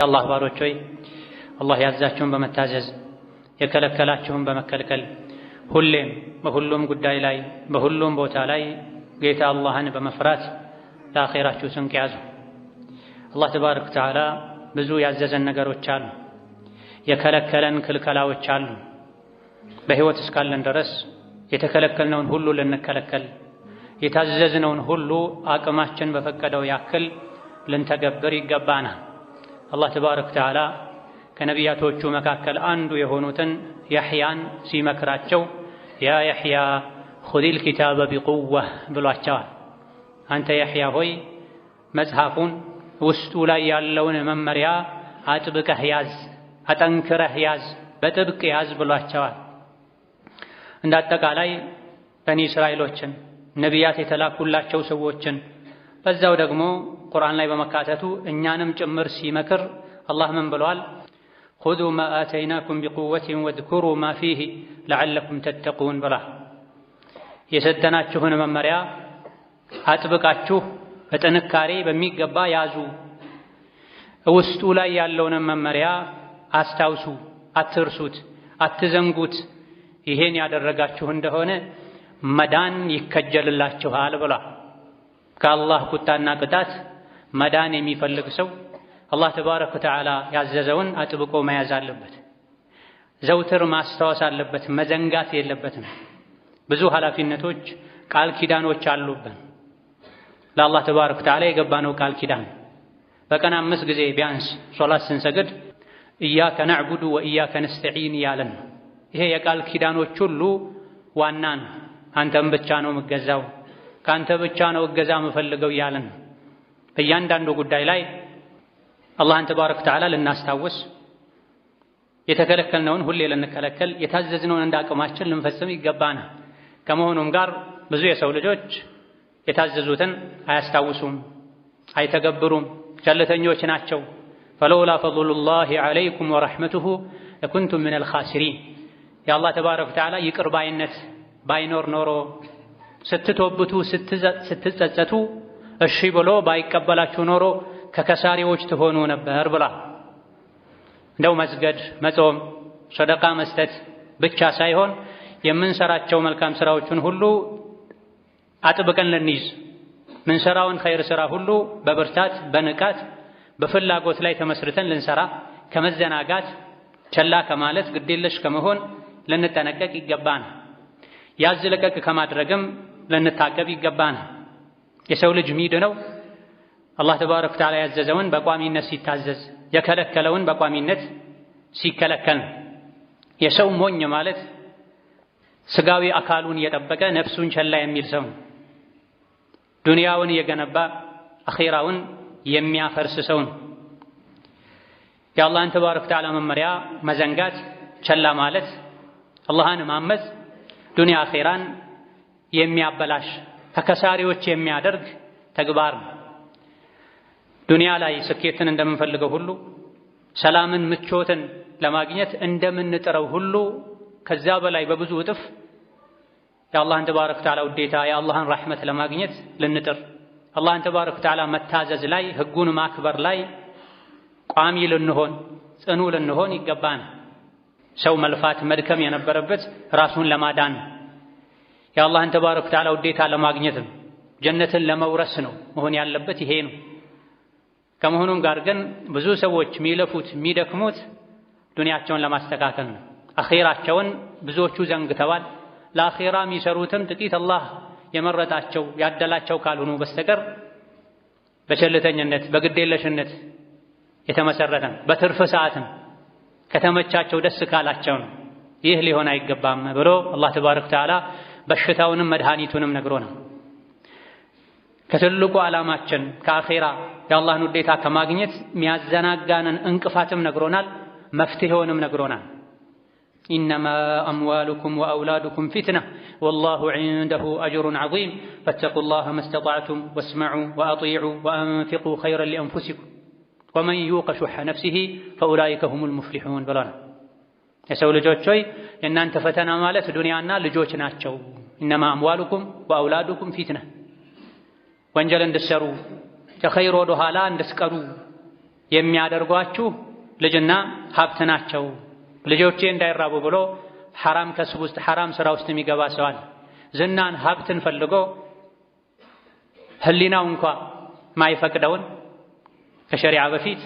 የአላህ ባሮች ሆይ አላህ ያዛችሁን በመታዘዝ የከለከላችሁን በመከልከል ሁሌም በሁሉም ጉዳይ ላይ በሁሉም ቦታ ላይ ጌታ አላህን በመፍራት ለአኼራችሁ ስንቅ ያዙ። አላህ ተባረከ ወተዓላ ብዙ ያዘዘን ነገሮች አሉ፣ የከለከለን ክልከላዎች አሉ። በሕይወት እስካለን ድረስ የተከለከልነውን ሁሉ ልንከለከል፣ የታዘዝነውን ሁሉ አቅማችን በፈቀደው ያክል ልንተገብር ይገባናል። አላህ ተባረከ ወተዓላ ከነቢያቶቹ መካከል አንዱ የሆኑትን ያሕያን ሲመክራቸው ያ ያሕያ ኹዚል ኪታበ ቢቁወህ ብሏቸዋል። አንተ ያሕያ ሆይ መጽሐፉን ውስጡ ላይ ያለውን መመሪያ አጥብቀህ ያዝ፣ አጠንክረህ ያዝ፣ በጥብቅ ያዝ ብሏቸዋል። እንደ አጠቃላይ በኒ እስራኤሎችን ነቢያት የተላኩላቸው ሰዎችን በዛው ደግሞ ቁርአን ላይ በመካተቱ እኛንም ጭምር ሲመክር አላህ ምን ብለዋል? ኹዙ ማ አተይናኩም ቢቁወትን ወዝኩሩ ማ ፊሂ ለዓለኩም ተተቁን ብላ የሰጠናችሁን መመሪያ አጥብቃችሁ በጥንካሬ በሚገባ ያዙ፣ ውስጡ ላይ ያለውን መመሪያ አስታውሱ፣ አትርሱት፣ አትዘንጉት። ይሄን ያደረጋችሁ እንደሆነ መዳን ይከጀልላችኋል ብሏል። ከአላህ ቁጣና ቅጣት መዳን የሚፈልግ ሰው አላህ ተባረከ ወተዓላ ያዘዘውን አጥብቆ መያዝ አለበት። ዘውትር ማስታወስ አለበት፣ መዘንጋት የለበትም። ብዙ ኃላፊነቶች፣ ቃል ኪዳኖች አሉብን። ለአላህ ተባረከ ወተዓላ የገባነው ቃል ኪዳን በቀን አምስት ጊዜ ቢያንስ ሶላት ስንሰግድ ኢያከ ነዕቡዱ ወኢያከ ነስተዒን እያለን ይሄ የቃል ኪዳኖች ሁሉ ዋናን አንተም ብቻ ነው የምገዛው ከአንተ ብቻ ነው እገዛ የምፈልገው እያለን እያንዳንዱ ጉዳይ ላይ አላህን ተባረክ ወተዓላ ልናስታውስ የተከለከልነውን ሁሌ ልንከለከል የታዘዝነውን እንደ አቅማችን ልንፈጽም ይገባና ከመሆኑም ጋር ብዙ የሰው ልጆች የታዘዙትን አያስታውሱም፣ አይተገብሩም፣ ቸልተኞች ናቸው። ፈለውላ ፈድሉላሂ ዐለይኩም ወረሕመቱሁ ለኩንቱም ሚነል ኻሲሪን። የአላህ ተባረክ ወተዓላ ይቅር ባይነት ባይኖር ኖሮ ስትቶብቱ ስትጸጸቱ እሺ ብሎ ባይቀበላችሁ ኖሮ ከከሳሪዎች ትሆኑ ነበር ብሏል። እንደው መስገድ፣ መጾም፣ ሰደቃ መስጠት ብቻ ሳይሆን የምንሰራቸው መልካም ስራዎችን ሁሉ አጥብቀን ልንይዝ ምንሰራውን ኸይር ስራ ሁሉ በብርታት በንቃት በፍላጎት ላይ ተመስርተን ልንሰራ ከመዘናጋት ቸላ ከማለት ግዴለሽ ከመሆን ልንጠነቀቅ ይገባን። ያዝ ለቀቅ ከማድረግም ልንታቀብ ይገባና የሰው ልጅ ነው። አላህ ተባረከ ወተዓላ ያዘዘውን በቋሚነት ሲታዘዝ፣ የከለከለውን በቋሚነት ሲከለከል። የሰው ሞኝ ማለት ስጋዊ አካሉን የጠበቀ ነፍሱን ቸላ የሚል ሰው ዱንያውን የገነባ አኼራውን የሚያፈርስ ሰው የአላህን ተባረከ ወተዓላ መመሪያ መዘንጋት፣ ቸላ ማለት፣ አላህን ማመፅ ዱንያ አኼራን የሚያበላሽ ተከሳሪዎች የሚያደርግ ተግባር ነው። ዱንያ ላይ ስኬትን እንደምንፈልገው ሁሉ ሰላምን፣ ምቾትን ለማግኘት እንደምንጥረው ሁሉ ከዛ በላይ በብዙ እጥፍ የአላህን ተባረክ ወተዓላ ውዴታ የአላህን ራሕመት ለማግኘት ልንጥር አላህን ተባረክ ወተዓላ መታዘዝ ላይ ህጉን ማክበር ላይ ቋሚ ልንሆን ጽኑ ልንሆን ይገባን። ሰው መልፋት መድከም የነበረበት ራሱን ለማዳን የአላህን ተባረክ ወተዓላ ውዴታ ለማግኘት ነው። ጀነትን ለመውረስ ነው መሆን ያለበት ይሄ ነው። ከመሆኑም ጋር ግን ብዙ ሰዎች የሚለፉት የሚደክሙት ዱንያቸውን ለማስተካከል ነው። አኼራቸውን ብዙዎቹ ዘንግተዋል። ለአኼራ የሚሰሩትም ጥቂት አላህ የመረጣቸው ያደላቸው ካልሆኑ በስተቀር በቸልተኝነት በግዴለሽነት የተመሰረተ ነው። በትርፍ ሰዓትም ከተመቻቸው ደስ ካላቸው ነው። ይህ ሊሆን አይገባም ብሎ አላህ ተባረክ ወተዓላ በሽታውንም መድኃኒቱንም ነግሮናል። ከትልቁ ዓላማችን ከአኼራ የአላህን ውዴታ ከማግኘት ሚያዘናጋንን እንቅፋትም ነግሮናል፣ መፍትሄውንም ነግሮናል። ኢነማ አምዋሉኩም ወአውላዱኩም ፊትና ወላሁ ዒንደሁ አጅሩን ዐዚም ፈተቁላህ መስተጣዕቱም ወስመዑ ወአጢዑ ወአንፊቁ ኸይረን ሊአንፉሲኩም ወመን ዩቀ ሹሐ ነፍሲሂ ፈኡላኢከ ሁሙል ሙፍሊሑን ብለናል። የሰው ልጆች ሆይ የእናንተ ፈተና ማለት ዱንያና ልጆች ናቸው። ኢነማ አምዋሉኩም ወአውላዱኩም ፊትና ወንጀል እንድትሰሩ ከኸይር ወደ ኋላ እንድትቀሩ የሚያደርጓችሁ ልጅና ሀብት ናቸው። ልጆቼ እንዳይራቡ ብሎ ሐራም ከስብ ውስጥ ሐራም ሥራ ውስጥ የሚገባ ሰዋል ዝናን ሀብትን ፈልጎ ህሊናው እንኳ ማይፈቅደውን ከሸሪዓ በፊት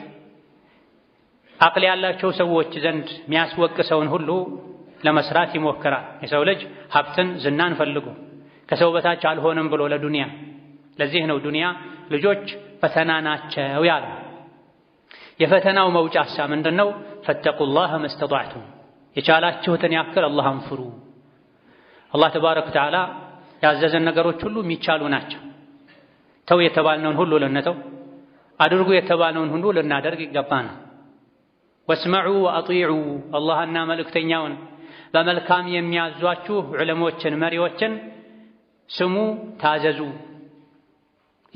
አቅል ያላቸው ሰዎች ዘንድ የሚያስወቅሰውን ሁሉ ለመስራት ይሞክራል። የሰው ልጅ ሀብትን፣ ዝናን ፈልጎ ከሰው በታች አልሆንም ብሎ ለዱንያ ለዚህ ነው ዱንያ ልጆች ፈተና ናቸው ያለ። የፈተናው መውጫሳ ምንድን ነው? ፈተቁላህ መስተጣዕቱ የቻላችሁትን ያክል አላህን ፍሩ። አላህ ተባረከ ወተዓላ ያዘዘን ነገሮች ሁሉ የሚቻሉ ናቸው። ተው የተባልነውን ሁሉ ልንተው፣ አድርጉ የተባልነውን ሁሉ ልናደርግ ነው። ወስመዑ ወአጢዑ አላህና መልእክተኛውን በመልካም የሚያዟችሁ ዑለሞችን፣ መሪዎችን ስሙ፣ ታዘዙ።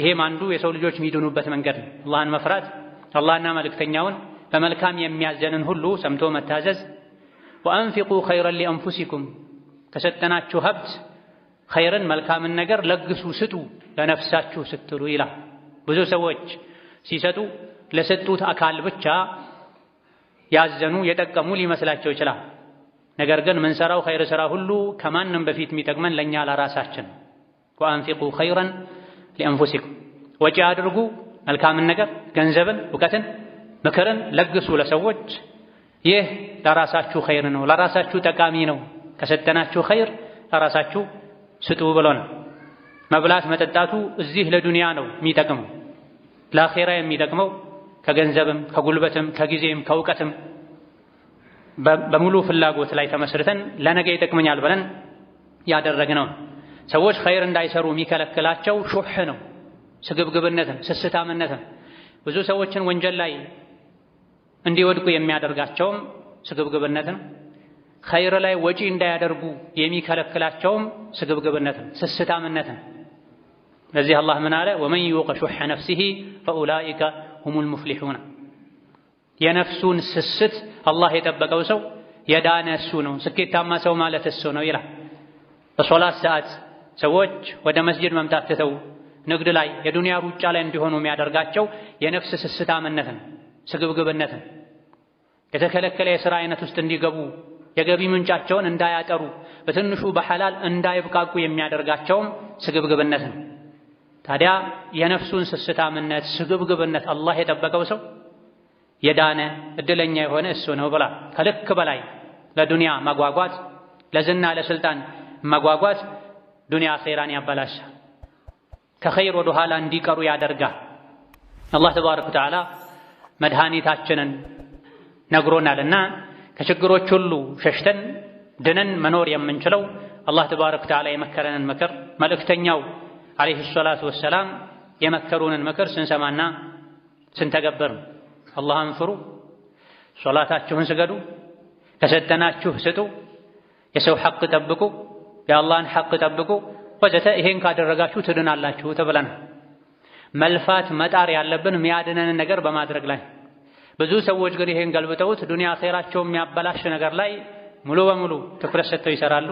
ይሄም አንዱ የሰው ልጆች የሚድኑበት መንገድ ነው። አላህን መፍራት፣ አላህና መልእክተኛውን በመልካም የሚያዘንን ሁሉ ሰምቶ መታዘዝ። ወአንፊቁ ኸይረን ሊአንፉሲኩም ከሰጠናችሁ ሀብት ኸይርን መልካምን ነገር ለግሱ፣ ስጡ ለነፍሳችሁ ስትሉ ይላል። ብዙ ሰዎች ሲሰጡ ለሰጡት አካል ብቻ ያዘኑ የጠቀሙ ሊመስላቸው ይችላል። ነገር ግን ምንሰራው ኸይር ሥራ ሁሉ ከማንም በፊት የሚጠቅመን ለእኛ ለራሳችን ወአንፊቁ ኸይረን ሊአንፉሲኩም ወጪ አድርጉ መልካምን ነገር ገንዘብን፣ እውቀትን፣ ምክርን ለግሱ ለሰዎች። ይህ ለራሳችሁ ኸይር ነው፣ ለራሳችሁ ጠቃሚ ነው። ከሰጠናችሁ ኸይር ለራሳችሁ ስጡ ነው። መብላት መጠጣቱ እዚህ ለዱንያ ነው የሚጠቅመው። ለአኼራ የሚጠቅመው ከገንዘብም ከጉልበትም ከጊዜም ከእውቀትም በሙሉ ፍላጎት ላይ ተመስርተን ለነገ ይጠቅመኛል ብለን ያደረግነው ሰዎች ኸይር እንዳይሰሩ የሚከለክላቸው ሹህ ነው፣ ስግብግብነት ነው፣ ስስታምነት ነው። ብዙ ሰዎችን ወንጀል ላይ እንዲወድቁ የሚያደርጋቸውም ስግብግብነት ነው። ኸይር ላይ ወጪ እንዳያደርጉ የሚከለክላቸውም ስግብግብነት ነው፣ ስስታምነት ነው። ለዚህ አላህ ምን አለ? ወመን ዩቀ ሹሐ ነፍሲሂ ፈኡላኢከ ሁሙል ሙፍሊሑን የነፍሱን ስስት አላህ የጠበቀው ሰው የዳነ እሱ ነው፣ ስኬታማ ሰው ማለት እሱ ነው ይላል። በሶላት ሰዓት ሰዎች ወደ መስጅድ መምጣት ትተው ንግድ ላይ የዱንያ ሩጫ ላይ እንዲሆኑ የሚያደርጋቸው የነፍስ ስስታምነት ነው፣ ስግብግብነት ነው። የተከለከለ የሥራ አይነት ውስጥ እንዲገቡ የገቢ ምንጫቸውን እንዳያጠሩ በትንሹ በሐላል እንዳይብቃቁ የሚያደርጋቸውም ስግብግብነት ነው። ታዲያ የነፍሱን ስስታምነት ስግብግብነት አላህ የጠበቀው ሰው የዳነ እድለኛ የሆነ እሱ ነው ብላ ከልክ በላይ ለዱንያ መጓጓት፣ ለዝና ለስልጣን መጓጓት ዱንያ አኼራን ያበላሻል፣ ከኸይር ወደ ኋላ እንዲቀሩ ያደርጋል። አላህ ተባረከ ወተዓላ መድኃኒታችንን ነግሮናልና ከችግሮች ሁሉ ሸሽተን ድነን መኖር የምንችለው አላህ ተባረከ ወተዓላ የመከረንን ምክር መልእክተኛው ዓለይሂ ሰላቱ ወሰላም የመከሩንን ምክር ስንሰማና ስንተገበር አላህን ፍሩ፣ ሶላታችሁን ስገዱ፣ ከሰጠናችሁ ስጡ፣ የሰው ሐቅ ጠብቁ፣ የአላህን ሐቅ ጠብቁ ወዘተ። ይሄን ካደረጋችሁ ትድናላችሁ ተብለናል። መልፋት መጣር ያለብን የሚያድነንን ነገር በማድረግ ላይ። ብዙ ሰዎች ግን ይሄን ገልብጠውት ዱንያ አኼራቸው የሚያበላሽ ነገር ላይ ሙሉ በሙሉ ትኩረት ሰጥተው ይሰራሉ።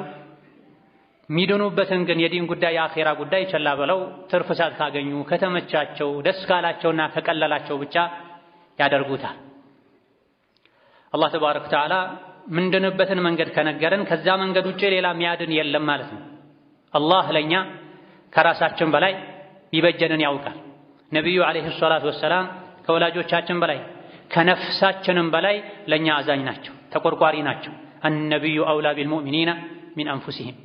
የሚድኑበትን ግን የዲን ጉዳይ የአኼራ ጉዳይ ቸላ ብለው ትርፍ ሰዓት ካገኙ ከተመቻቸው፣ ደስ ካላቸውና ከቀለላቸው ብቻ ያደርጉታል። አላህ ተባረከ ወተዓላ ምንድንበትን መንገድ ከነገረን ከዛ መንገድ ውጭ ሌላ ሚያድን የለም ማለት ነው። አላህ ለእኛ ከራሳችን በላይ ይበጀንን ያውቃል። ነቢዩ ዓለይሂ ሰላቱ ወሰላም ከወላጆቻችን በላይ ከነፍሳችንም በላይ ለእኛ አዛኝ ናቸው፣ ተቆርቋሪ ናቸው። አነቢዩ አውላ ቢልሙእሚኒና ሚን አንፉሲሂም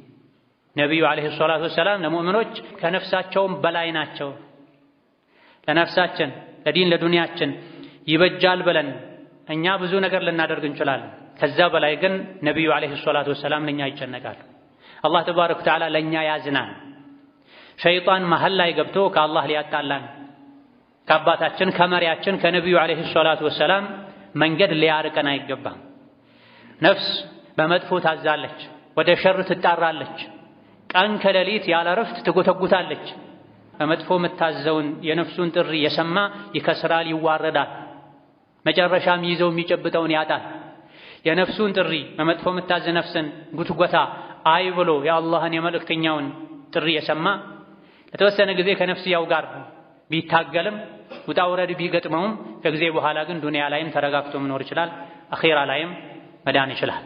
ነቢዩ ዓለይሂ ሰላቱ ወሰላም ለሙእምኖች ከነፍሳቸውም በላይ ናቸው። ለነፍሳችን ለዲን ለዱንያችን ይበጃል ብለን እኛ ብዙ ነገር ልናደርግ እንችላለን። ከዛ በላይ ግን ነቢዩ ዓለይሂ ሰላቱ ወሰላም ለእኛ ይጨነቃሉ። አላህ ተባረከ ወተዓላ ለእኛ ያዝናል። ሸይጣን መሀል ላይ ገብቶ ከአላህ ሊያጣላን፣ ከአባታችን ከመሪያችን ከነቢዩ ዓለይሂ ሰላቱ ወሰላም መንገድ ሊያርቀን አይገባም። ነፍስ በመጥፎ ታዛለች፣ ወደ ሸር ትጣራለች፣ ቀን ከሌሊት ያለ ረፍት ትጎተጉታለች። በመጥፎ የምታዘውን የነፍሱን ጥሪ የሰማ ይከስራል፣ ይዋረዳል። መጨረሻም ይዘው የሚጨብጠውን ያጣል። የነፍሱን ጥሪ በመጥፎ የምታዝ ነፍስን ጉትጎታ አይ ብሎ የአላህን የመልእክተኛውን ጥሪ የሰማ ለተወሰነ ጊዜ ከነፍስያው ጋር ቢታገልም ውጣ ውረድ ቢገጥመውም ከጊዜ በኋላ ግን ዱንያ ላይም ተረጋግቶ መኖር ይችላል። አኼራ ላይም መዳን ይችላል።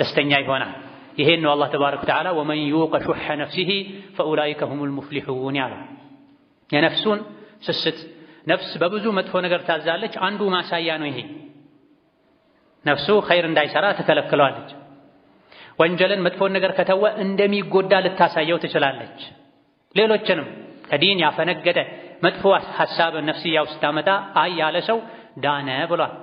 ደስተኛ ይሆናል። ይሄን ነው አላህ ተባረከ ወተዓላ ወመን ዩቀ ሹሐ ነፍሲሂ ፈኡላኢከ ሁሙል ሙፍሊሑን ያለው የነፍሱን ስስት ነፍስ በብዙ መጥፎ ነገር ታዛለች። አንዱ ማሳያ ነው ይሄ። ነፍሱ ኸይር እንዳይሰራ ትከለክለዋለች። ወንጀልን፣ መጥፎን ነገር ከተወ እንደሚጎዳ ልታሳየው ትችላለች። ሌሎችንም ከዲን ያፈነገጠ መጥፎ ሐሳብን ነፍስያ ውስጥ አይ ያለ ሰው ዳነ ብሏል።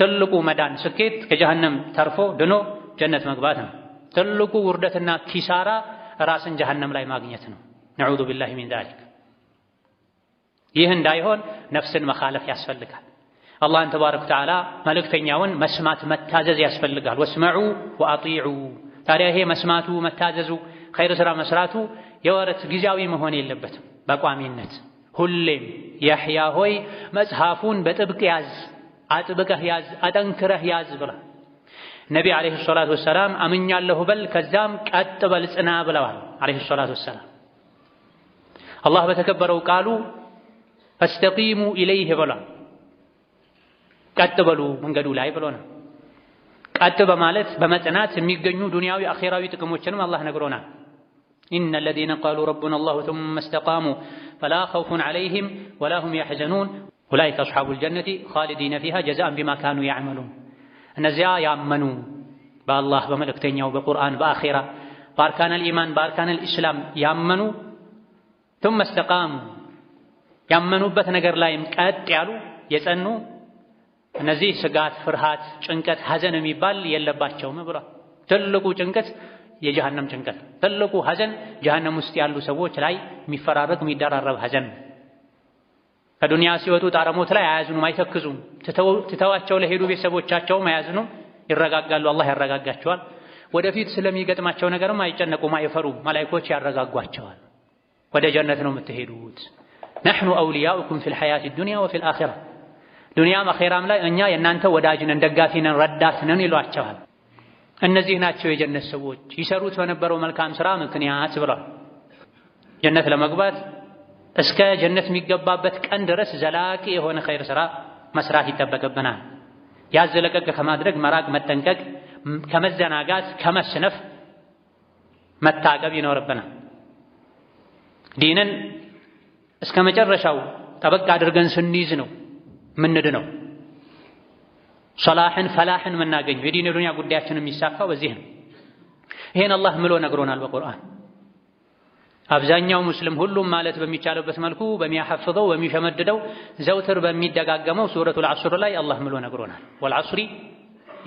ትልቁ መዳን ስኬት ከጀሃነም ተርፎ ድኖ ጀነት መግባት ነው። ትልቁ ውርደትና ኪሳራ ራስን ጀሃነም ላይ ማግኘት ነው። ነዑዙ ቢላሂ ሚን ዛሊክ ይህ እንዳይሆን ነፍስን መኻለፍ ያስፈልጋል። አላህን ተባረክ ወተዓላ መልእክተኛውን መስማት መታዘዝ ያስፈልጋል። ወስመዑ ወአጢዑ። ታዲያ ይሄ መስማቱ መታዘዙ፣ ኸይር ሥራ መስራቱ የወረት ጊዜያዊ መሆን የለበትም። በቋሚነት ሁሌም ያሕያ ሆይ መጽሐፉን በጥብቅ ያዝ፣ አጥብቀህ ያዝ፣ አጠንክረህ ያዝ ብላ ነቢ ዓለይሂ ሰላቱ ወሰላም አምኛለሁ በል ከዛም ቀጥ በል ጽና ብለዋል ዓለይሂ ሰላቱ ወሰላም አላህ በተከበረው ቃሉ فاستقيموا إليه بلا كتبلو من قدو لاي بلونا كتب مالت بمتنات دنيا دنياوي أخيراوي وشنو الله نقرونا إن الذين قالوا ربنا الله ثم استقاموا فلا خوف عليهم ولا هم يحزنون أولئك أصحاب الجنة خالدين فيها جزاء بما كانوا يعملون نزيا يعملون بالله بملك تنيا وبقرآن بآخرة باركان الإيمان باركان الإسلام يعملون ثم استقاموا ያመኑበት ነገር ላይም ቀጥ ያሉ የጸኑ እነዚህ ስጋት፣ ፍርሃት፣ ጭንቀት፣ ሀዘን የሚባል የለባቸውም ብሏል። ትልቁ ጭንቀት የጀሃነም ጭንቀት፣ ትልቁ ሀዘን ጀሃነም ውስጥ ያሉ ሰዎች ላይ የሚፈራረቅ የሚደራረብ ሐዘን። ከዱንያ ሲወጡ ጣረሞት ላይ አያዝኑም፣ አይተክዙም። ትተዋቸው ለሄዱ ቤተሰቦቻቸውም አያዝኑም፣ ይረጋጋሉ። አላህ ያረጋጋቸዋል። ወደፊት ስለሚገጥማቸው ነገርም አይጨነቁም፣ አይፈሩም። መላኢኮች ያረጋጓቸዋል። ወደ ጀነት ነው የምትሄዱት። ነሕኑ አውልያኡኩም ፊል ሐያቲ ዱንያ ወፊል አኺራ ዱንያም አኼራም ላይ እኛ የእናንተ ወዳጅ ነን፣ ደጋፊ ነን፣ ረዳት ነን ይሏቸዋል። እነዚህ ናቸው የጀነት ሰዎች ይሰሩት በነበረው መልካም ሥራ ምክንያት ብሏል። ጀነት ለመግባት እስከ ጀነት የሚገባበት ቀን ድረስ ዘላቂ የሆነ ኸይር ሥራ መስራት ይጠበቅብናል። ያዝ ለቀቅ ከማድረግ መራቅ፣ መጠንቀቅ፣ ከመዘናጋት፣ ከመስነፍ መታቀብ ይኖርብናል። ዲንን እስከ መጨረሻው ጠበቅ አድርገን ስንይዝ ነው ምንድ ነው ሰላሕን ፈላሕን የምናገኘው የዲን የዱንያ ጉዳያችን የሚሳካው በዚህ ነው። ይሄን አላህ ምሎ ነግሮናል በቁርአን። አብዛኛው ሙስሊም ሁሉም ማለት በሚቻለበት መልኩ በሚያሐፍዘው በሚሸመድደው ዘውትር በሚደጋገመው ሱረቱል ዐስር ላይ አላህ ምሎ ነግሮናል። ወልዐስሪ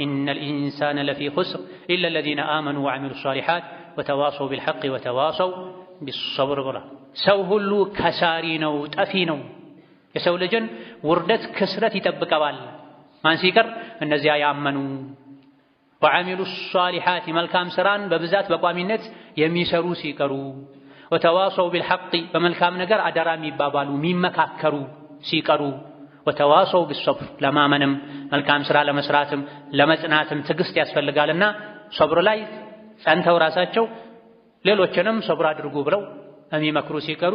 ኢነል ኢንሳነ ለፊ ኹስር ኢለ ለዚነ አመኑ ወዐሚሉ ሷሊሓት ወተዋሰው ቢልሐቂ ወተዋሰው ቢሶብር ብሏል። ሰው ሁሉ ከሳሪ ነው፣ ጠፊ ነው። የሰው ልጅን ውርደት፣ ክስረት ይጠብቀባል። ማን ሲቀር እነዚያ ያመኑ ወዐሚሉ ሷሊሓት የመልካም ስራን በብዛት በቋሚነት የሚሰሩ ሲቀሩ፣ ወተዋሰው ቢልሐቂ በመልካም ነገር አደራ የሚባባሉ የሚመካከሩ ሲቀሩ፣ ወተዋሰው ቢሰብር ለማመንም መልካም ስራ ለመስራትም ለመጽናትም ትዕግስት ያስፈልጋልና ሶብር ላይ ጸንተው ራሳቸው ሌሎችንም ሰብር አድርጉ ብለው የሚመክሩ ሲቀሩ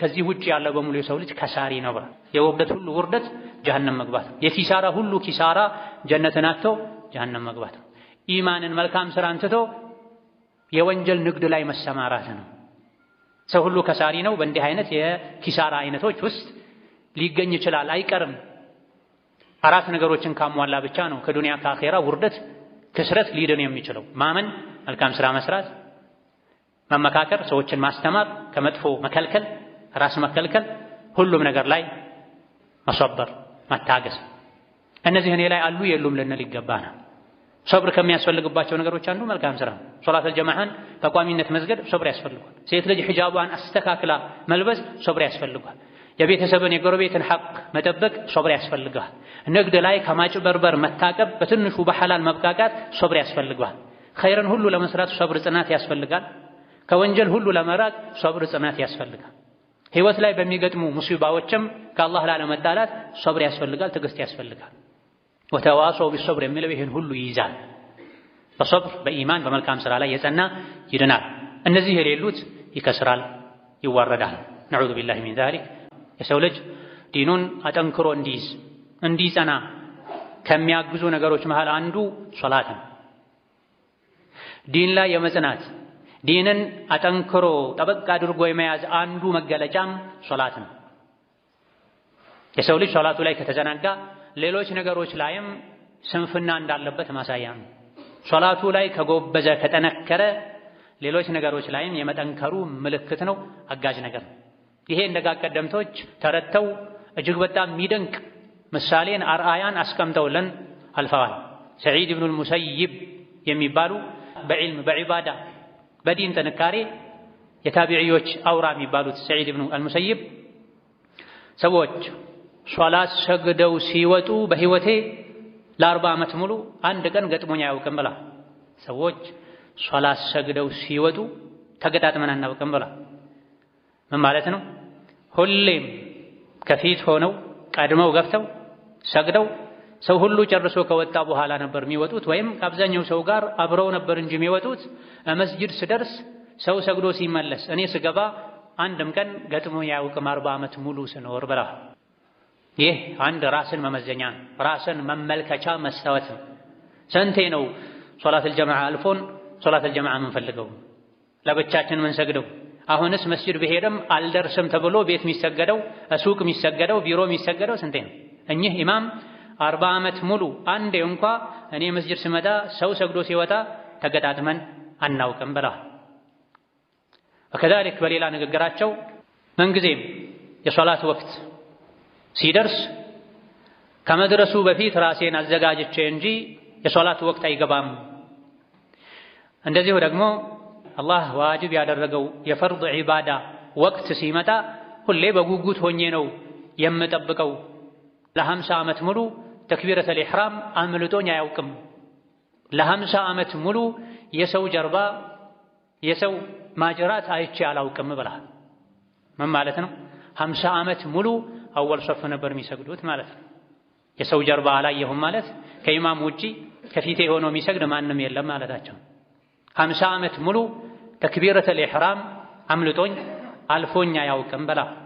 ከዚህ ውጭ ያለ በሙሉ የሰው ልጅ ከሳሪ ነው ብላ የውርደት ሁሉ ውርደት ጀሀነም መግባት ነው። የኪሳራ ሁሉ ኪሳራ ጀነትን አጥቶ ጀሀነም መግባት ነው። ኢማንን መልካም ስራ ትቶ የወንጀል ንግድ ላይ መሰማራት ነው። ሰው ሁሉ ከሳሪ ነው። በእንዲህ አይነት የኪሳራ አይነቶች ውስጥ ሊገኝ ይችላል፣ አይቀርም። አራት ነገሮችን ካሟላ ብቻ ነው ከዱንያ ከአኼራ ውርደት ክስረት ሊድን የሚችለው ማመን፣ መልካም ስራ መስራት መመካከር፣ ሰዎችን ማስተማር፣ ከመጥፎ መከልከል፣ ራስ መከልከል፣ ሁሉም ነገር ላይ መሰበር፣ መታገስ። እነዚህ እኔ ላይ አሉ የሉም ልንል ይገባና ሶብር ከሚያስፈልግባቸው ነገሮች አንዱ መልካም ስራ ነው። ሶላተል ጀማዓን በቋሚነት መስገድ ሶብር ያስፈልጓል። ሴት ልጅ ሒጃቧን አስተካክላ መልበስ ሶብር ያስፈልጓል። የቤተሰብን የጎረቤትን ሐቅ መጠበቅ ሶብር ያስፈልገዋል። ንግድ ላይ ከማጭበርበር መታቀብ፣ በትንሹ በሐላል መብቃቃት ሶብር ያስፈልገዋል። ኸይርን ሁሉ ለመስራት ሶብር ጽናት ያስፈልጋል። ከወንጀል ሁሉ ለመራቅ ሶብር ጽናት ያስፈልጋል። ህይወት ላይ በሚገጥሙ ሙሲባዎችም ከአላህ ላለመጣላት ሶብር ያስፈልጋል፣ ትዕግስት ያስፈልጋል። ወተዋሶው ቢሶብር የሚለው ይህን ሁሉ ይይዛል። በሶብር በኢማን በመልካም ስራ ላይ የጸና ይድናል። እነዚህ የሌሉት ይከስራል፣ ይዋረዳል። ነዑዙ ቢላሂ ሚን ዛሊክ። የሰው ልጅ ዲኑን አጠንክሮ እንዲይዝ እንዲጸና ከሚያግዙ ነገሮች መሃል አንዱ ሶላት ነው። ዲን ላይ የመጽናት ዲንን አጠንክሮ ጠበቅ አድርጎ የመያዝ አንዱ መገለጫም ሶላት ነው። የሰው ልጅ ሶላቱ ላይ ከተዘናጋ ሌሎች ነገሮች ላይም ስንፍና እንዳለበት ማሳያ ነው። ሶላቱ ላይ ከጎበዘ ከጠነከረ፣ ሌሎች ነገሮች ላይም የመጠንከሩ ምልክት ነው፣ አጋዥ ነገር። ነው። ይሄ እንደጋ ቀደምቶች ተረድተው እጅግ በጣም የሚደንቅ ምሳሌን አርአያን አስቀምጠውልን አልፈዋል። ሰዒድ ኢብኑል ሙሰይብ የሚባሉ በዕልም በዒባዳ በዲን ጥንካሬ የታቢዕዮች አውራ የሚባሉት ሰዒድ ብኑ አልሙሰይብ ሰዎች ሶላት ሰግደው ሲወጡ በሕይወቴ ለአርባ ዓመት ሙሉ አንድ ቀን ገጥሞኝ አያውቅም ብላ ሰዎች ሶላት ሰግደው ሲወጡ ተገጣጥመን አናውቅም ብላ ምን ማለት ነው? ሁሌም ከፊት ሆነው ቀድመው ገብተው ሰግደው ሰው ሁሉ ጨርሶ ከወጣ በኋላ ነበር የሚወጡት፣ ወይም ከአብዛኛው ሰው ጋር አብረው ነበር እንጂ የሚወጡት። መስጅድ ስደርስ ሰው ሰግዶ ሲመለስ እኔ ስገባ አንድም ቀን ገጥሞ ያውቅም አርባ ዓመት ሙሉ ስኖር ብላ። ይህ አንድ ራስን መመዘኛ ነው፣ ራስን መመልከቻ መስታወት ነው። ስንቴ ነው ሶላት ጀማዓ አልፎን ሶላት ጀማዓ የምንፈልገው ለብቻችን ምንሰግደው? አሁንስ መስጅድ ብሄድም አልደርስም ተብሎ ቤት የሚሰገደው ሱቅ የሚሰገደው ቢሮ የሚሰገደው ስንቴ ነው? እኚህ ኢማም አርባ ዓመት ሙሉ አንዴ እንኳ እኔ መስጅድ ስመጣ ሰው ሰግዶ ሲወጣ ተገጣጥመን አናውቅም ብለዋል። ወከዛሊክ በሌላ ንግግራቸው ምንጊዜም የሶላት ወቅት ሲደርስ ከመድረሱ በፊት ራሴን አዘጋጅቼ እንጂ የሶላት ወቅት አይገባም። እንደዚሁ ደግሞ አላህ ዋጅብ ያደረገው የፈርድ ዒባዳ ወቅት ሲመጣ ሁሌ በጉጉት ሆኜ ነው የምጠብቀው ለሀምሳ ዓመት ሙሉ ተክቢረተል ኢሕራም አምልጦኝ አያውቅም። ለሀምሳ ዓመት ሙሉ የሰው ጀርባ የሰው ማጅራት አይቼ አላውቅም ብለሃል። ምን ማለት ነው? ሀምሳ ዓመት ሙሉ አወል ሶፍ ነበር የሚሰግዱት ማለት ነው። የሰው ጀርባ አላየሁም ማለት ከኢማም ውጪ ከፊቴ ሆኖ የሚሰግድ ማንም የለም ማለታቸው። ሀምሳ ዓመት ሙሉ ተክቢረተል ኢሕራም አምልጦኝ አልፎኝ አያውቅም ብለሃል።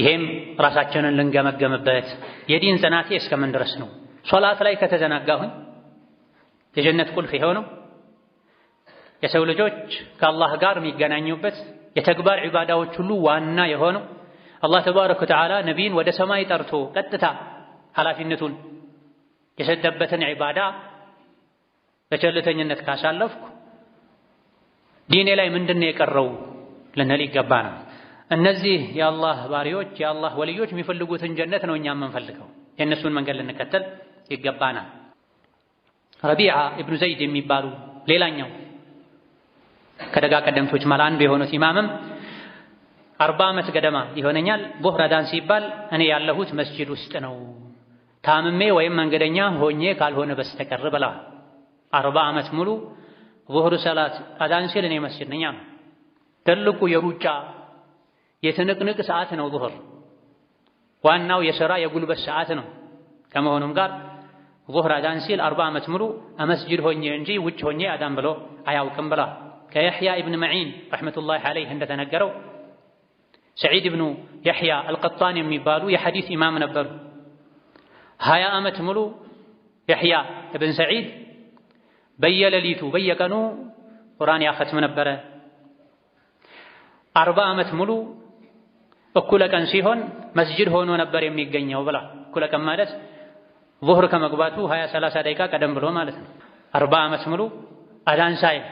ይሄም ራሳችንን ልንገመገምበት የዲን ጽናቴ እስከምን ድረስ ነው? ሶላት ላይ ከተዘናጋሁኝ የጀነት ቁልፍ የሆነው የሰው ልጆች ከአላህ ጋር የሚገናኙበት የተግባር ዒባዳዎች ሁሉ ዋና የሆነው አላህ ተባረከ ወተዓላ ነቢይን ወደ ሰማይ ጠርቶ ቀጥታ ኃላፊነቱን የሰጠበትን ዒባዳ በቸልተኝነት ካሳለፍኩ ዲኔ ላይ ምንድነው የቀረው ልንል ይገባናል። እነዚህ የአላህ ባሪዎች የአላህ ወልዮች የሚፈልጉትን ጀነት ነው እኛ የምንፈልገው። የእነሱን መንገድ ልንከተል ይገባናል። ረቢዓ እብኑ ዘይድ የሚባሉ ሌላኛው ከደጋ ቀደምቶች መሃል አንዱ የሆኑት ኢማምም አርባ ዓመት ገደማ ይሆነኛል ቦህራዳን ሲባል እኔ ያለሁት መስጂድ ውስጥ ነው ታምሜ ወይም መንገደኛ ሆኜ ካልሆነ በስተቀር ብለዋል። አርባ ዓመት ሙሉ ዙህር ሰላት አዳን ሲል እኔ መስጂድ ነኝ። ትልቁ የሩጫ የትንቅንቅ ሰዓት ነው ዙህር ዋናው የሥራ የጉልበት ሰዓት ነው። ከመሆኑም ጋር ዙህር አዳን ሲል አርባ ዓመት ሙሉ መስጂድ ሆኜ እንጂ ውጭ ሆኜ አዳን ብሎ አያውቅም ብላ ከየሕያ ኢብን መዒን ረሕመቱላሂ ዓለይህ እንደተነገረው ሰዒድ ኢብኑ የሕያ አልቀጣን የሚባሉ የሐዲስ ኢማም ነበሩ። ሀያ ዓመት ሙሉ የሕያ እብን ሰዒድ በየሌሊቱ በየቀኑ ቁርአን ያኸትም ነበረ። አርባ ዓመት ሙሉ እኩለ ቀን ሲሆን መስጅድ ሆኖ ነበር የሚገኘው ብላ። እኩለ ቀን ማለት ዙህር ከመግባቱ 20 30 ደቂቃ ቀደም ብሎ ማለት ነው። አርባ ዓመት ሙሉ አዳን ሳይል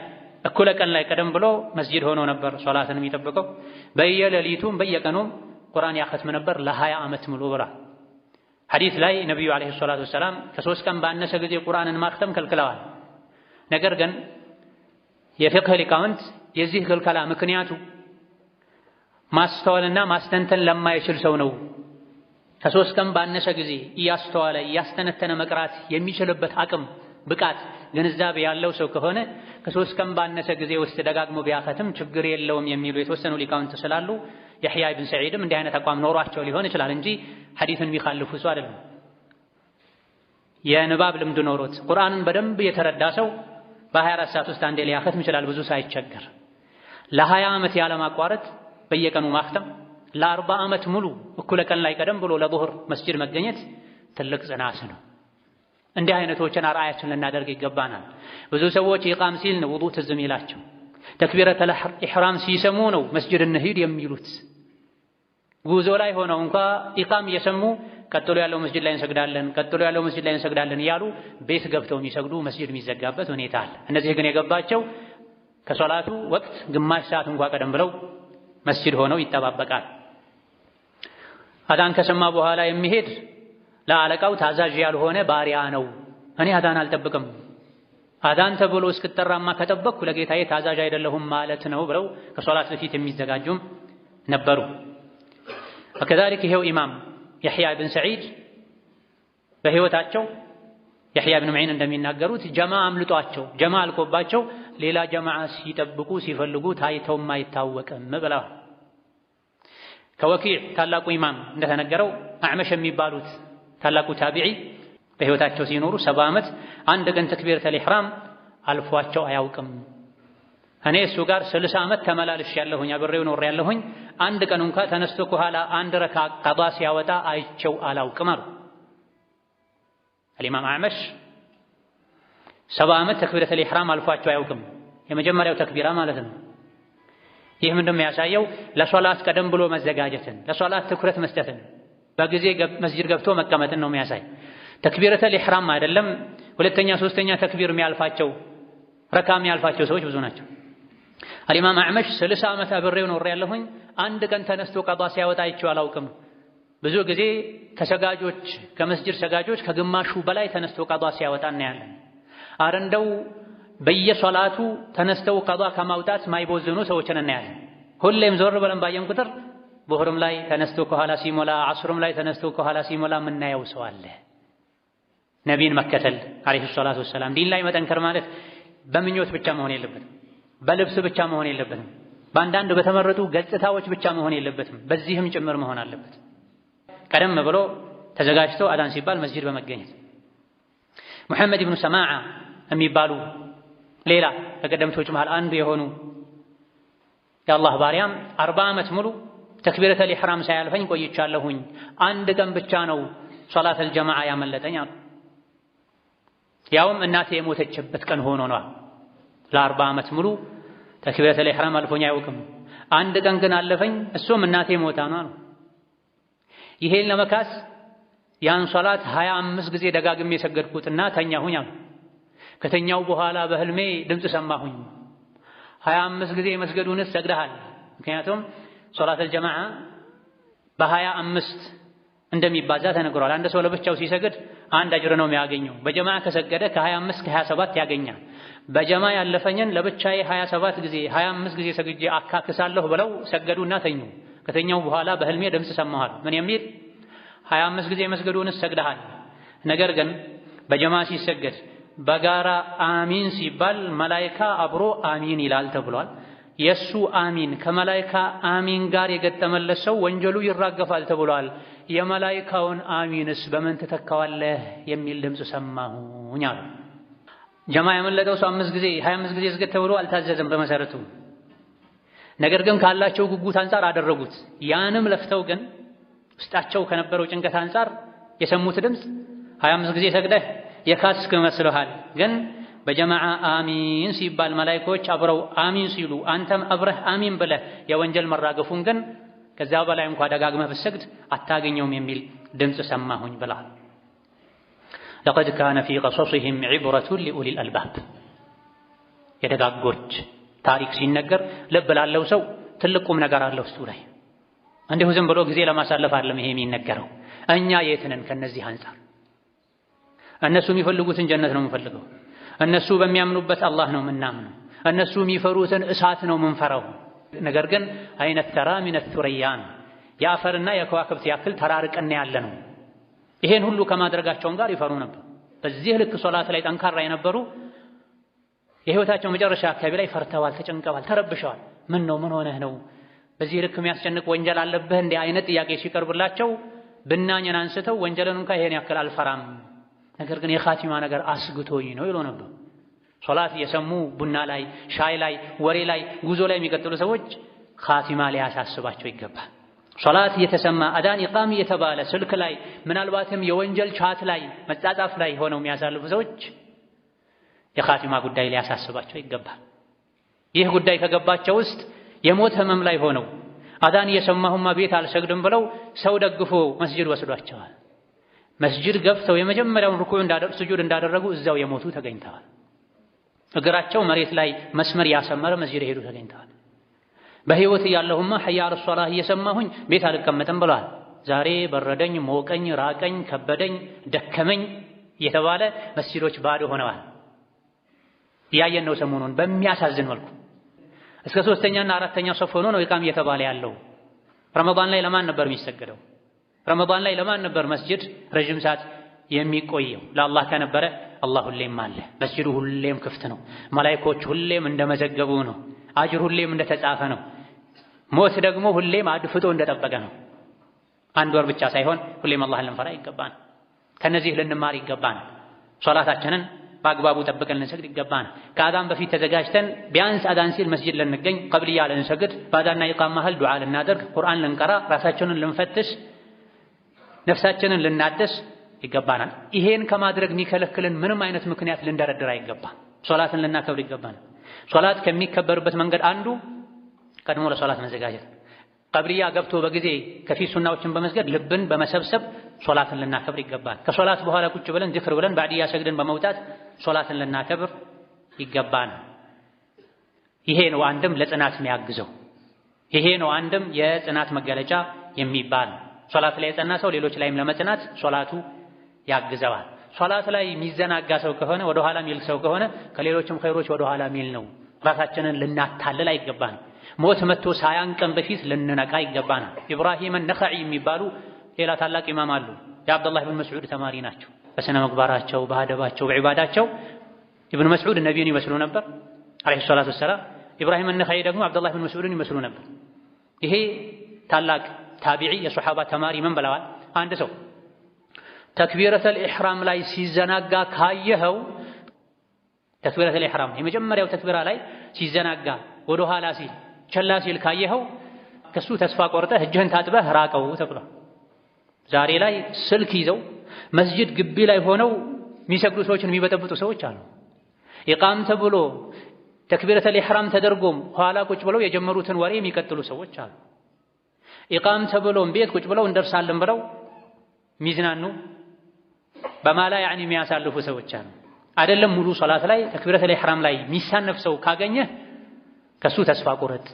እኩለ ቀን ላይ ቀደም ብሎ መስጅድ ሆኖ ነበር ሶላትን የሚጠብቀው በየሌሊቱም በየቀኑም ቁርአን ያኸትም ነበር ለ20 ዓመት ሙሉ ብላ። ሐዲስ ላይ ነቢዩ ዓለይሂ ሰላቱ ወሰላም ከሶስት ቀን ባነሰ ጊዜ ቁርአንን ማክተም ከልክለዋል። ነገር ግን የፊቅህ ሊቃውንት የዚህ ክልከላ ምክንያቱ ማስተዋልና ማስተንተን ለማይችል ሰው ነው። ከሶስት ቀን ባነሰ ጊዜ እያስተዋለ እያስተነተነ መቅራት የሚችልበት አቅም፣ ብቃት፣ ግንዛቤ ያለው ሰው ከሆነ ከሶስት ቀን ባነሰ ጊዜ ውስጥ ደጋግሞ ቢያከትም ችግር የለውም የሚሉ የተወሰኑ ሊቃውንት ስላሉ የሕያ ኢብን ሰዒድም እንዲህ አይነት አቋም ኖሯቸው ሊሆን ይችላል እንጂ ሐዲትን የሚካልፉ ሰው አይደለም። የንባብ ልምድ ኖሮት ቁርአንን በደንብ የተረዳ ሰው በ24 ሰዓት ውስጥ አንዴ ሊያከትም ይችላል ብዙ ሳይቸገር። ለ20 ዓመት ያለማቋረጥ በየቀኑ ማክተም ለአርባ ዓመት ሙሉ እኩለ ቀን ላይ ቀደም ብሎ ለዙህር መስጂድ መገኘት ትልቅ ጽናት ነው። እንዲህ አይነቶችን አርአያችን ልናደርግ ይገባናል። ብዙ ሰዎች ኢቃም ሲል ነው ውዱእ ትዝም ይላቸው፣ ተክቢረተል ኢሕራም ሲሰሙ ነው መስጂድ እንሂድ የሚሉት። ጉዞ ላይ ሆነው እንኳ ኢቃም እየሰሙ ቀጥሎ ያለው መስጂድ ላይ እንሰግዳለን፣ ቀጥሎ ያለው መስጂድ ላይ እንሰግዳለን እያሉ ቤት ገብተው የሚሰግዱ መስጂድ የሚዘጋበት ሁኔታ አለ። እነዚህ ግን የገባቸው ከሶላቱ ወቅት ግማሽ ሰዓት እንኳ ቀደም ብለው መስጂድ ሆነው ይጠባበቃል። አዳን ከሰማ በኋላ የሚሄድ ለአለቃው ታዛዥ ያልሆነ ባሪያ ነው። እኔ አዳን አልጠብቅም፣ አዳን ተብሎ እስክጠራማ ከጠበቅኩ ለጌታዬ ታዛዥ አይደለሁም ማለት ነው ብለው ከሶላት በፊት የሚዘጋጁም ነበሩ። ወከዛሊክ ይሄው ኢማም የሕያ ብን ሰዒድ በሕይወታቸው የሕያ ብን ሙዒን እንደሚናገሩት ጀማ አምልጧቸው ጀማ አልቆባቸው ሌላ ጀማዓ ሲጠብቁ ሲፈልጉ ታይተውም አይታወቅም ብለዋል። ከወኪዕ ታላቁ ኢማም እንደተነገረው አዕመሽ የሚባሉት ታላቁ ታቢዒ በሕይወታቸው ሲኖሩ ሰባ ዓመት አንድ ቀን ተክቢረተል ኢሕራም አልፏቸው አያውቅም። እኔ እሱ ጋር ስልሳ ዓመት ተመላልሽ ያለሁኝ አብሬው ኖር ያለሁኝ አንድ ቀን እንኳ ተነስቶ ከኋላ አንድ ረካ ቀዷ ሲያወጣ አይቸው አላውቅም አሉ አልኢማም አዕመሽ ሰባ ዓመት ተክቢረተል ኢሕራም አልፏቸው አያውቅም። የመጀመሪያው ተክቢራ ማለት ነው። ይህ ምንድን የሚያሳየው ለሶላት ቀደም ብሎ መዘጋጀትን፣ ለሶላት ትኩረት መስጠትን፣ በጊዜ መስጂድ ገብቶ መቀመጥን ነው የሚያሳይ። ተክቢረተል ኢሕራም አይደለም ሁለተኛ፣ ሶስተኛ ተክቢር የሚያልፋቸው ረካ የሚያልፋቸው ሰዎች ብዙ ናቸው። አልኢማም አዕመሽ ስልሳ ዓመት አብሬው ኖሬ ያለሁኝ አንድ ቀን ተነስቶ ቀዷ ሲያወጣ አይቼው አላውቅም። ብዙ ጊዜ ከሰጋጆች ከመስጂድ ሰጋጆች ከግማሹ በላይ ተነስቶ ቀዷ ሲያወጣ እናያለን። አረንደው በየሶላቱ ተነስተው ቀዷ ከማውጣት ማይቦዝኑ ሰዎችን እናያለን። ሁሌም ዞር ብለን ባየን ቁጥር ቡህርም ላይ ተነስቶ ከኋላ ሲሞላ፣ አስሩም ላይ ተነስቶ ከኋላ ሲሞላ የምናየው ሰው አለ። ነቢን መከተል አለይሂ ሰላቱ ወሰላም ዲን ላይ መጠንከር ማለት በምኞት ብቻ መሆን የለበትም። በልብስ ብቻ መሆን የለበትም። በአንዳንድ በተመረጡ ገጽታዎች ብቻ መሆን የለበትም። በዚህም ጭምር መሆን አለበት። ቀደም ብሎ ተዘጋጅቶ አዳን ሲባል መስጂድ በመገኘት ሙሐመድ ኢብኑ ሰማዓ የሚባሉ ሌላ ከቀደምቶች መሃል አንዱ የሆኑ የአላህ ባሪያም አርባ ዓመት ሙሉ ተክቢረተል ኢሕራም ሳያልፈኝ ቆይቻለሁኝ። አንድ ቀን ብቻ ነው ሶላተል ጀማዓ ያመለጠኝ አሉ። ያውም እናቴ የሞተችበት ቀን ሆኖ ነዋ። ለአርባ ዓመት ሙሉ ተክቢረተል ኢሕራም አልፎኝ አያውቅም። አንድ ቀን ግን አለፈኝ፣ እሱም እናቴ ሞታ ነው አሉ። ይሄን ለመካስ ያን ሶላት ሀያ አምስት ጊዜ ደጋግሜ የሰገድኩትና ተኛሁኝ አሉ። ከተኛው በኋላ በህልሜ ድምፅ ሰማሁኝ። ሀያ ጊዜ መስገዱን ሰግደሃል? ምክንያቱም ሶላተል ጀማዓ በሀያ አምስት እንደሚባዛ ተነግሯል። አንድ ሰው ለብቻው ሲሰግድ አንድ አጅር ነው የሚያገኘው። በጀማዓ ከሰገደ ከ25 ከ27 ያገኛል። በጀማ ያለፈኝን ለብቻዬ 27 ጊዜ 25 ጊዜ ሰግጄ አካክሳለሁ ብለው ሰገዱና ተኙ። ከተኛው በኋላ በህልሜ ድምፅ ሰማኋል። ምን የሚል 25 ጊዜ መስገዱን ሰግደሃል? ነገር ግን በጀማ ሲሰገድ በጋራ አሚን ሲባል መላይካ አብሮ አሚን ይላል ተብሏል። የእሱ አሚን ከመላይካ አሚን ጋር የገጠመለት ሰው ወንጀሉ ይራገፋል ተብሏል። የመላይካውን አሚንስ በምን ትተካዋለህ የሚል ድምፅ ሰማሁኝ አሉ። ጀማ ያመለጠው ሰው አምስት ጊዜ ሀያ አምስት ጊዜ ዝገት ተብሎ አልታዘዘም በመሰረቱ። ነገር ግን ካላቸው ጉጉት አንጻር አደረጉት። ያንም ለፍተው ግን ውስጣቸው ከነበረው ጭንቀት አንጻር የሰሙት ድምፅ ሀያ አምስት ጊዜ ሰግደህ የካስክ መስልሃል። ግን በጀማዓ አሚን ሲባል መላይኮች አብረው አሚን ሲሉ አንተም አብረህ አሚን ብለህ የወንጀል መራገፉን ግን ከዚያ በላይ እንኳ ደጋግመህ ብትሰግድ አታገኘውም የሚል ድምፅ ሰማሁኝ ብለሃል። ለቀድ ካነ ፊ ቀሶሲሂም ዒብረቱን ሊኡሊል አልባብ የደጋጎች ታሪክ ሲነገር ልብ ላለው ሰው ትልቅ ቁም ነገር አለው ውስጡ ላይ። እንዲሁ ዝም ብሎ ጊዜ ለማሳለፍ ዓለም ይሄ የሚነገረው እኛ የት ነን ከነዚህ አንፃር እነሱ የሚፈልጉትን ጀነት ነው የምንፈልገው። እነሱ በሚያምኑበት አላህ ነው የምናምነው። እነሱ የሚፈሩትን እሳት ነው የምንፈራው። ነገር ግን አይነት ተራ ሚነት ቱረያን የአፈርና የከዋክብት ያክል ተራርቀን ያለ ነው። ይሄን ሁሉ ከማድረጋቸውም ጋር ይፈሩ ነበር። በዚህ ልክ ሶላት ላይ ጠንካራ የነበሩ የህይወታቸው መጨረሻ አካባቢ ላይ ፈርተዋል፣ ተጨንቀዋል፣ ተረብሸዋል። ምን ነው ምን ሆነህ ነው በዚህ ልክ የሚያስጨንቅ ወንጀል አለብህ? እንዲህ አይነት ጥያቄ ሲቀርብላቸው ብናኝን አንስተው ወንጀልን እንኳ ይሄን ያክል አልፈራም ነገር ግን የኻቲማ ነገር አስግቶኝ ነው ይሎ ነበር። ሶላት የሰሙ ቡና ላይ፣ ሻይ ላይ፣ ወሬ ላይ፣ ጉዞ ላይ የሚቀጥሉ ሰዎች ኻቲማ ሊያሳስባቸው ይገባል። ሶላት እየተሰማ አዳን ኢቃም እየተባለ ስልክ ላይ ምናልባትም የወንጀል ቻት ላይ መጻጻፍ ላይ ሆነው የሚያሳልፉ ሰዎች የኻቲማ ጉዳይ ሊያሳስባቸው ይገባል። ይህ ጉዳይ ከገባቸው ውስጥ የሞት ህመም ላይ ሆነው አዳን እየሰማሁማ ቤት አልሰግድም ብለው ሰው ደግፎ መስጅድ ወስዷቸዋል። መስጅድ ገብተው የመጀመሪያውን ርኩዕ ስጁድ እንዳደረጉ እዛው የሞቱ ተገኝተዋል። እግራቸው መሬት ላይ መስመር ያሰመረ መስጅድ የሄዱ ተገኝተዋል። በህይወት እያለሁማ ሕያር ሶላህ እየሰማሁኝ ቤት አልቀመጥም ብለዋል። ዛሬ በረደኝ፣ ሞቀኝ፣ ራቀኝ፣ ከበደኝ፣ ደከመኝ እየተባለ መስጅዶች ባዶ ሆነዋል። እያየን ነው ሰሞኑን በሚያሳዝን መልኩ እስከ ሶስተኛና አራተኛ ሰፍ ሆኖ ነው ይቃም እየተባለ ያለው። ረመዳን ላይ ለማን ነበር የሚሰገደው? ረመዳን ላይ ለማን ነበር መስጅድ ረዥም ሰዓት የሚቆየው? ለአላህ ከነበረ አላህ ሁሌም አለ። መስጅዱ ሁሌም ክፍት ነው። መላይኮች ሁሌም እንደመዘገቡ ነው። አጅር ሁሌም እንደተጻፈ ነው። ሞት ደግሞ ሁሌም አድፍጦ እንደጠበቀ ነው። አንድ ወር ብቻ ሳይሆን ሁሌም አላህን ልንፈራ ይገባናል። ከነዚህ ልንማር ይገባናል። ሶላታችንን በአግባቡ ጠብቀን ልንሰግድ ይገባናል። ከአዛን በፊት ተዘጋጅተን ቢያንስ አዛን ሲል መስጂድ ልንገኝ፣ ቀብልያ ልንሰግድ፣ ባዛና ኢቃማ መሃል ዱዓ ልናደርግ፣ ቁርአን ልንቀራ፣ ራሳችንን ልንፈትሽ ነፍሳችንን ልናደስ ይገባናል። ይሄን ከማድረግ የሚከለክልን ምንም አይነት ምክንያት ልንደረድር አይገባም። ሶላትን ልናከብር ይገባናል። ሶላት ከሚከበርበት መንገድ አንዱ ቀድሞ ለሶላት መዘጋጀት። ቀብልያ ገብቶ በጊዜ ከፊት ሱናዎችን በመስገድ ልብን በመሰብሰብ ሶላትን ልናከብር ይገባል። ከሶላት በኋላ ቁጭ ብለን ዝክር ብለን ባዕድያ ሰግድን በመውጣት ሶላትን ልናከብር ይገባን። ይሄ ነው አንድም ለጽናት የሚያግዘው ይሄ ነው አንድም የጽናት መገለጫ የሚባል ሶላት ላይ የጸና ሰው ሌሎች ላይም ለመጽናት ሶላቱ ያግዘዋል። ሶላት ላይ የሚዘናጋ ሰው ከሆነ ወደ ኋላ ሚል ሰው ከሆነ ከሌሎችም ኸይሮች ወደ ኋላ ሚል ነው። ራሳችንን ልናታልል አይገባን። ሞት መጥቶ ሳያንቀን በፊት ልንነቃ ይገባናል። ኢብራሂም ነኸዒ የሚባሉ ሌላ ታላቅ ኢማም አሉ። የአብዱላህ ብን መስዑድ ተማሪ ናቸው። በስነ ምግባራቸው፣ በአደባቸው፣ በዒባዳቸው ኢብኑ መስዑድ ነቢዩን ይመስሉ ነበር ዓለይሂ ሰላቱ ወሰላም። ኢብራሂም ነኸዒ ደግሞ አብዱላህ ብን መስዑድን ይመስሉ ነበር። ይሄ ታላቅ ታቢዒ የሶሓባ ተማሪ ምን ብለዋል? አንድ ሰው ተክቢረተል ኢሕራም ላይ ሲዘናጋ ካየኸው ተክቢረተል ኢሕራም የመጀመሪያው ተክቢራ ላይ ሲዘናጋ ወደ ኋላ ሲል ቸላ ሲል ካየኸው ከሱ ተስፋ ቆርጠህ እጅህን ታጥበህ ራቀው ተብሏል። ዛሬ ላይ ስልክ ይዘው መስጅድ ግቢ ላይ ሆነው የሚሰግዱ ሰዎችን የሚበጠብጡ ሰዎች አሉ። ኢቃም ተብሎ ተክቢረተል ኢሕራም ተደርጎም ኋላ ቁጭ ብለው የጀመሩትን ወሬ የሚቀጥሉ ሰዎች አሉ። ኢቃም ተብሎም ቤት ቁጭ ብለው እንደርሳለን ብለው ሚዝናኑ በማላ ያዕኒ የሚያሳልፉ ሰዎች አሉ። አይደለም ሙሉ ሶላት ላይ ተክቢረተ ኢሕራም ላይ የሚሳነፍ ሰው ካገኘህ ከሱ ተስፋ ቁረጥ፣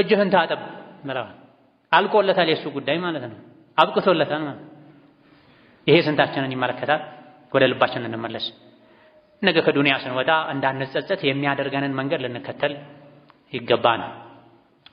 እጅህን ታጠብ ብለዋል። አልቆለታል፣ የሱ ጉዳይ ማለት ነው። አብቅቶለታል ማለት ይሄ ስንታችንን ይመለከታል? ወደ ልባችን እንመለስ። ነገ ከዱንያ ስንወጣ እንዳንጸጸት የሚያደርገንን መንገድ ልንከተል ይገባናል።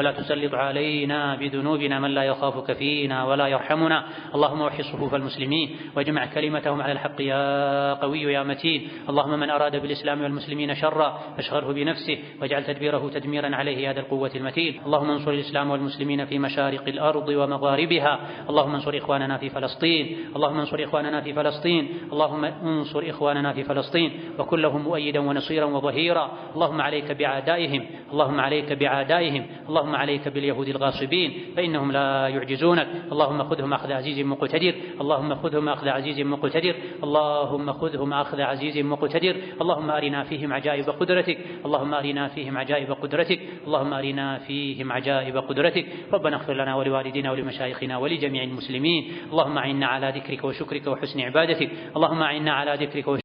ولا تسلط علينا بذنوبنا من لا يخافك فينا ولا يرحمنا اللهم وحي صفوف المسلمين واجمع كلمتهم على الحق يا قوي يا متين اللهم من أراد بالإسلام والمسلمين شرا فاشغله بنفسه واجعل تدبيره تدميرا عليه يا ذا القوة المتين اللهم انصر الإسلام والمسلمين في مشارق الأرض ومغاربها اللهم انصر إخواننا في فلسطين اللهم انصر إخواننا في فلسطين اللهم انصر إخواننا في فلسطين وكلهم مؤيدا ونصيرا وظهيرا اللهم عليك بعدائهم اللهم عليك بعدائهم اللهم اللهم عليك باليهود الغاصبين فإنهم لا يعجزونك اللهم خذهم أخذ عزيز مقتدر اللهم خذهم أخذ عزيز مقتدر اللهم خذهم أخذ عزيز مقتدر اللهم أرنا فيهم عجائب قدرتك اللهم أرنا فيهم عجائب قدرتك اللهم أرنا فيهم عجائب قدرتك ربنا اغفر لنا ولوالدينا ولمشايخنا ولجميع المسلمين اللهم أعنا على ذكرك وشكرك وحسن عبادتك اللهم أعنا على ذكرك وشكرك